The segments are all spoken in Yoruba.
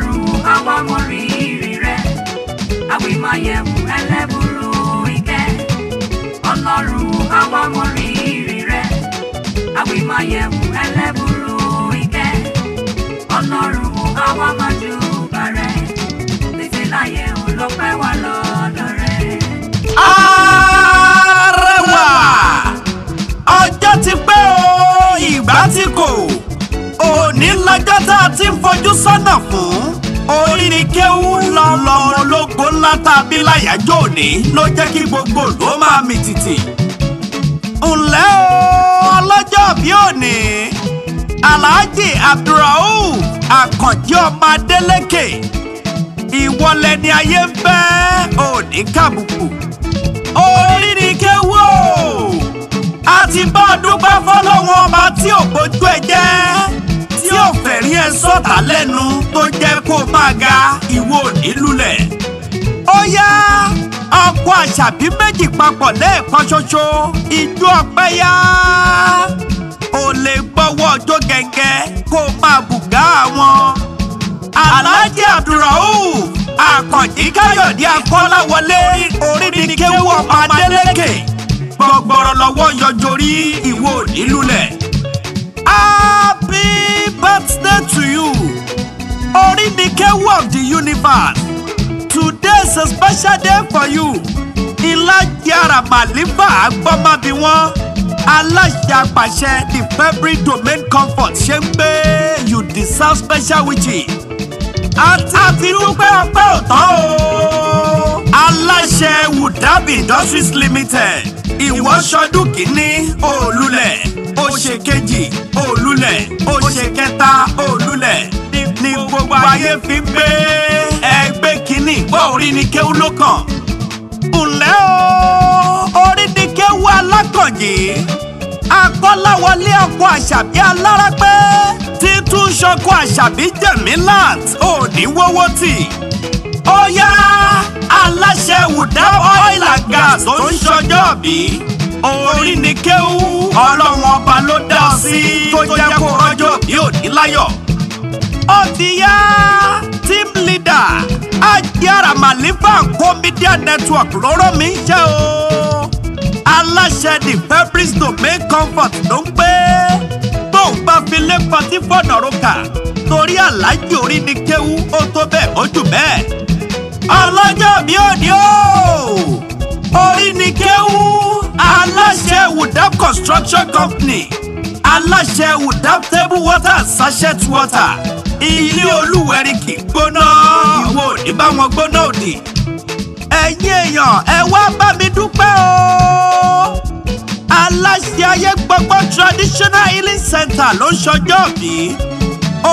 ọlọ́run káwọ́ mọ rírì rẹ àwìmáyẹ̀wò ẹlẹ́bùrú ìkẹ́ ọlọ́run káwọ́ mọ rírì rẹ àwìmáyẹ̀wò ẹlẹ́bùrú ìkẹ́ ọlọ́run káwọ́ mọ júbà rẹ títí láyé olópẹ́ wà lọ́dọ̀ rẹ. arẹwà ọjọ́ ti pẹ́ o ìgbà tí kò òní lọ́jọ́ tá a ti ń fojú sọ́nà fún orírin kéwú lọ́lọ́ ológo ńlá tàbí láyàjọ́ òní ló jẹ́ kí gbogbo ló máa mì tìtì. ǹlẹ́ o ọlọ́jọ́ bí òní alhaji abdulrauf akànjí ọmọ adélèké ìwọlẹ̀ ni ayé ń fẹ́ òní kàbùkù orírin kéwú o a ti bá dúpẹ́ fọlọ́wọ́n ọba tí ò bójú ẹ jẹ́ tí ò fẹ̀rí ẹ sọ̀tà lẹ́nu tó jẹ́ ga ìwọ òní ó yá ọkọ àṣàbí méjì papọ̀ lẹ́ẹ̀kan ṣoṣo ìjó ọpẹ́ yá ò lè gbọ́wọ́ ọjọ́ gẹ́gẹ́ kó máa bùgá wọn. aláàjì abdulrauf àkànjí káyọ̀dé akọ́láwọlé orí ni kéwú ọmọ adélékè lọ́wọ́ yọjorí ìwọ òní happy birthday to you. Ori the Kewu of the universe. Today is a special day for you. Ìlàjì Àràmàlífà Agbọ́mábí wọ́n. Aláṣẹ àpàṣẹ the February domain comfort ṣe ń gbé you deserve special witches. Àti àti dúpẹ́ ọpẹ́ òtọ́ o. Aláṣẹ Wudabi Industries Limited. Ìwọ ṣọdún kìíní òòlulẹ̀. Ó ṣe kejì òòlulẹ̀. Ó ṣe kẹta òòlulẹ̀ ni gbogbo ayé fi ń gbé ẹgbẹ́ kínní ìgbọ́ orí ni kéwú ló kàn. ǹlẹ́ o orí ni kéwú alákànjì akọ́láwọlé ọkọ̀ àṣàbí alárápẹ́ títún ṣọkọ̀ àṣàbí jẹ̀mílàt òní wọ́wọ́ tì. ó yá aláṣẹ wùdá oil gas tó ń ṣọjọ́ bí orí ni kéwú ọlọ́run ọba ló dá ọ sí tó jẹ́ kó rọ́jò bí òní láyọ̀ ó ti yá team leader ayára màlífà commedia network lọ́rọ̀ mi jẹ́ o aláṣẹ the fabric domain comfort ló ń pé bóun bá fi lé pọtí fọ̀nà roka torí aláàjì orí ni kéwú ó tó bẹ́ẹ̀ ó jù bẹ́ẹ̀ ọlọ́jọ́ mi ò ní o orí ni kéwú aláṣẹ wùdá construction company aláṣẹ wùdá table water sachet water ilé olúwẹ̀rí kì í gbóná ìwọ ò ní bá wọn gbóná òdì ẹ̀yin èèyàn ẹ wá bá mi dúpẹ́ o aláṣẹ ayé gbọ́gbọ́ traditional healing center ló ń ṣọjọ́ bí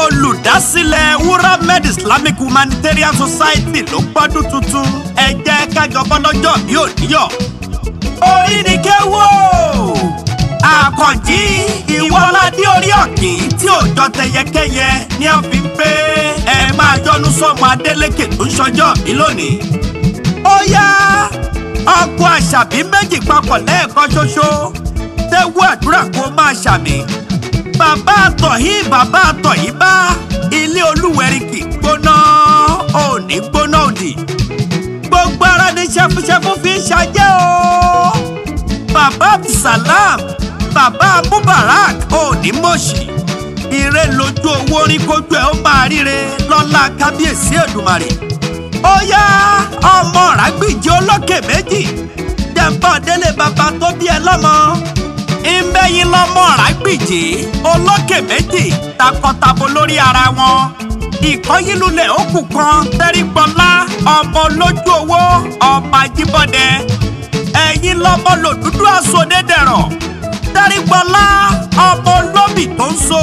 olùdásílẹ̀ wúrà med islamic humanitarian society ló pọ́dún tuntun ẹ jẹ́ kájọ bọ́lọ́jọ́ bí òníyàn orí ni kéwò àkànjí ọ̀kín tí ò jọ tẹyẹkẹyẹ ní a fi pé ẹ máa yọnu sọmọ Adélékè tó ń ṣọjọ́ bí lónìí. ó yá ọkọ àṣàbí méjì papọ̀ lẹ́ẹ̀kan ṣoṣo tẹ́wọ́ àdúrà kó máa ṣàmì. bàbá àtọ̀yìn bàbá àtọ̀yìn bá ilé olúwẹ̀rí kì gbóná òní gbóná òdì gbogbo ara ní ṣẹfúṣẹfú fi ń ṣajẹ́ o bàbá abdulsalam bàbá Mubarak Òdìmọ̀ṣì ire lójú owó rí kójú ẹ̀ ó máa ríre lọ́lá kábíyèsí Èdùmàrè ó yá ọmọ ràgbìjì olókè méjì jẹ́ǹbá délé bàbá tó bí ẹ lọ́mọ ìbẹ́yìn lọ́mọ ràgbìjì olókè méjì takọtabo lórí ara wọn ìkọ́yìnlulẹ̀ òkú kan tẹ́rìgbọ́lá ọmọ lójú owó ọmọ ajíbọ̀dẹ ẹ̀yìn lọ́mọ lòdúdú àsọdẹ́dẹ̀rọ̀ arígbọ́lá ọmọ olóbì tó ń so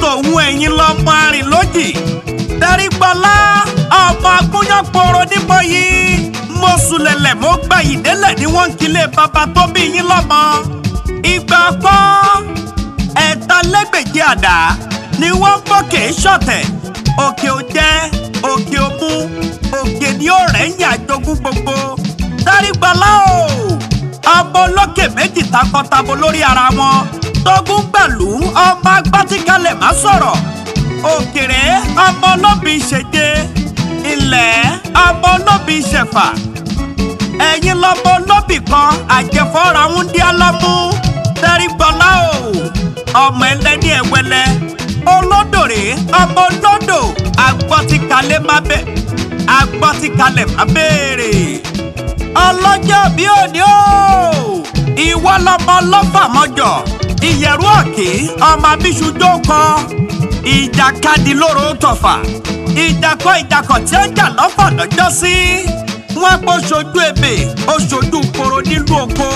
tòun ẹ̀yìn lọ́mọ arìnlójì tẹ́rígbọ́lá ọmọ agúnyánporo níbo yìí mo sùlẹ̀lẹ̀ mo gba ìdélẹ̀ ni wọ́n ń kílé bàbá tó bí yín lọ́mọ ìgbà pọ́ ẹ̀ẹ́dálẹ́gbèje àdá ni wọ́n bọ́ kì í ṣọ̀tẹ̀ òkè ò jẹ́ òkè ò òkè ni ó rẹ̀ ń yàjogún gbogbo tẹ́rígbọ́lá o ọba olókè méjì takọtabo lórí ara wọn tógún gbàlú ọba gbátíkalẹ̀ má sọ̀rọ̀ òkèrè ọmọ olóbi ṣèje ilẹ̀ ọmọ olóbi ṣẹ̀fà ẹ̀yin lọ́mọ olóbi kan àjẹfọ́ra ń dí álámú tẹ́rìbọlá o ọmọ ẹlẹ́ni ẹ̀wẹ́lẹ́ olódòrè ọmọ olódò agbọ́tikalẹ̀ má bẹ́ẹ̀ agbọ́tikalẹ̀ má béèrè ọlọ́jọ́ bí òní o ìwọ lọmọ lọ́fàmọ́jọ ìyẹ̀rú ọ̀kì ọmọ abíṣu tó kọ ìjàkadì lóró tọ̀fà ìjàkọ ìjàkọ̀ tí ó ń jà lọ́fà lọ́jọ́ sí wọ́n pọ̀ ṣojú ebè oṣojú koro nílùú oko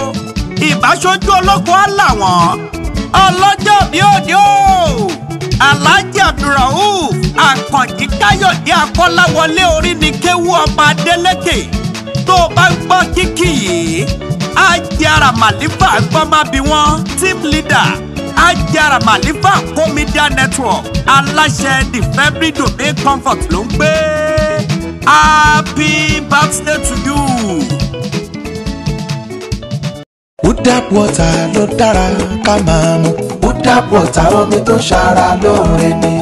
ìbáṣojú olóko á là wọ́n ọlọ́jọ́ bí òní o alhaji abdulrauf akànjí káyọ̀dé akọ́láwọlé orí ni kéwú ọba adélékè tó o bá ń gbọ́ kíkì yìí ajára màlífà gbọ́ bí wọ́n team leader ajára màlífà kó media network aláṣẹ the february domain comfort ló ń gbé happy birthday to you. Budap water ló dára ká máa mu. Budap water omi tó ń ṣara lóore ni.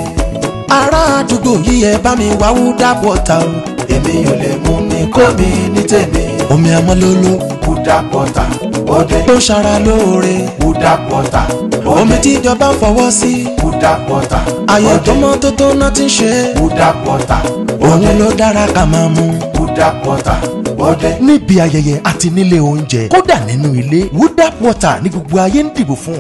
Ará àdúgbò yìí ẹ bá mi wá Budap water o, èmi ò lè mú mi kó mi ní tèmi. omi amọ́lólo. wúdà pọ̀tà bọ́dẹ̀. tó ṣara lóore. wúdà pọ̀tà bọ́dẹ̀. omi tíjọba fọwọ́ sí. wúdà pọ̀tà bọ́dẹ̀. àyè tó mọ́ tó tó náà ti ń ṣe. wúdà pọ̀tà bọ́dẹ̀. òun ló dára ká máa mu. wúdà pọ̀tà bọ́dẹ̀ bọ́dẹ́. níbi ayẹyẹ àti nílé oúnjẹ kódà nínú ilé wudap water ní gbogbo ayé ń dìbò fún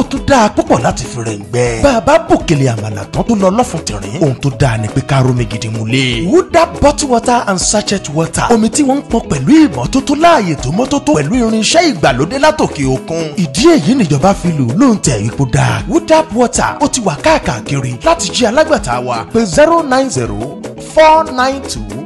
ó tún dáa púpọ̀ láti fi rẹ̀ ń gbẹ. bàbá bòkèlè àmàlà tán tó lọ lọ́fun tìrín ohun tó dáa ni pé ká rómi gidi mu lé. wudap bottle water and sachet water omi tí wọ́n ń pọn pẹ̀lú ìmọ́tótó láàyè tó mọ́tótó pẹ̀lú irinṣẹ́ ìgbàlódé látòkè òkun. ìdí èyí níjọba fi lù ló ń tẹ̀ ipò dáa. wudap water ó ti wà káàkiri láti jí alágbàtà wa pé zero nine zero four nine two